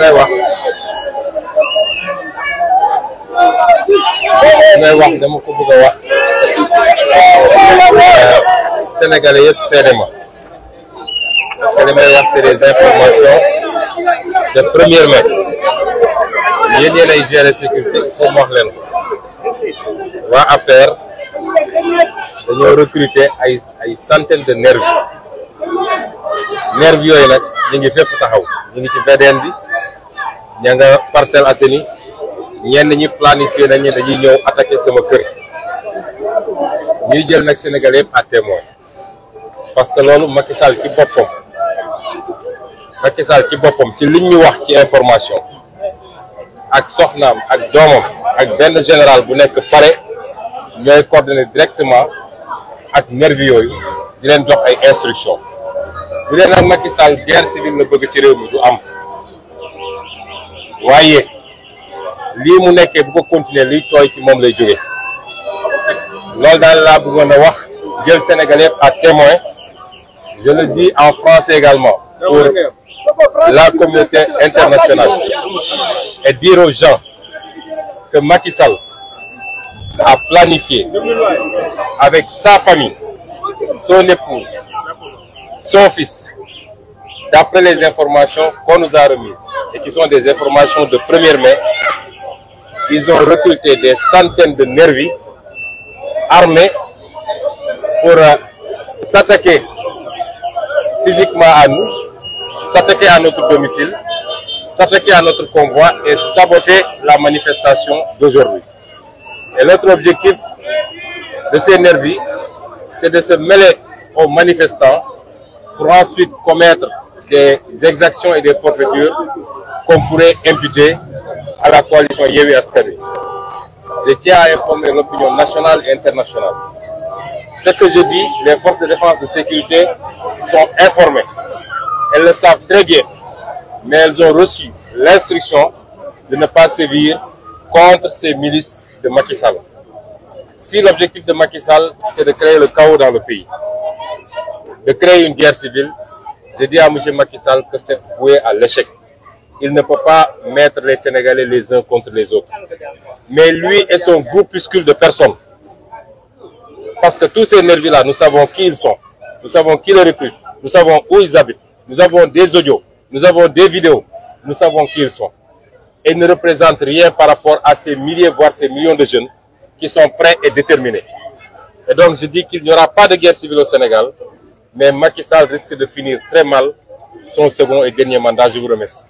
ngay wax ngay wax dama ko bëgg a wax euh, sénégalais yëpp seede parce que li may wax c'est des informations de première main yéen ay gérer sécurité foofu wax leen ko waa dañoo recruter ay ay de nervis nervis yooyu nag ñu ngi fépp taxaw ñu ngi ci VDN bi ña nga Parcelles Assainies ñenn ñi planifié nañ ne dañuy ñëw attaqué sama kër ñuy jël nag Sénégal yëpp à témoin parce que loolu Macky Sall ci boppam Macky ci boppam ci liñ ñu wax ci information ak soxnaam ak doomam ak benn général bu nekk pare ñooy coordonné directement ak nervi yooyu di leen jox ay instructions bu leen nag Macky Sall guerre civile la bëgg ci réew mi du am. voyez li mu nekkee bu ko continuer li toy ci mom lay jóge lol dal la bëggona wax jël sénégalais yëpp à témoin je le dis en français également pour la communauté internationale et dire aux gens que Macky Sall a planifié avec sa famille, son épouse, son fils, d'après les informations qu'on nous a remises, et qui sont des informations de première main, ils ont recruté des centaines de nervis armés pour euh, s'attaquer physiquement à nous, s'attaquer à notre domicile, s'attaquer à notre convoi et saboter la manifestation d'aujourd'hui. Et l'autre objectif de ces nervis, c'est de se mêler aux manifestants pour ensuite commettre des exactions et des forfaitures qu'on pourrait imputer à la coalition Yewi Askari. Je tiens à informer l'opinion nationale et internationale. Ce que je dis, les forces de défense de sécurité sont informées. Elles le savent très bien, mais elles ont reçu l'instruction de ne pas sévir contre ces milices de Macky Sall. Si l'objectif de Macky Sall, c'est de créer le chaos dans le pays, de créer une guerre civile, je dis à M. Macky Sall que c'est voué à l'échec. Il ne peut pas mettre les Sénégalais les uns contre les autres. Mais lui et son groupuscule de personnes, parce que tous ces nervis-là, nous savons qui ils sont, nous savons qui les recrutent, nous savons où ils habitent, nous avons des audios, nous avons des vidéos, nous savons qui ils sont. Et ils ne représentent rien par rapport à ces milliers, voire ces millions de jeunes qui sont prêts et déterminés. Et donc je dis qu'il n'y aura pas de guerre civile au Sénégal, mais Macky Sall risque de finir très mal son second et dernier mandat. Je vous remercie.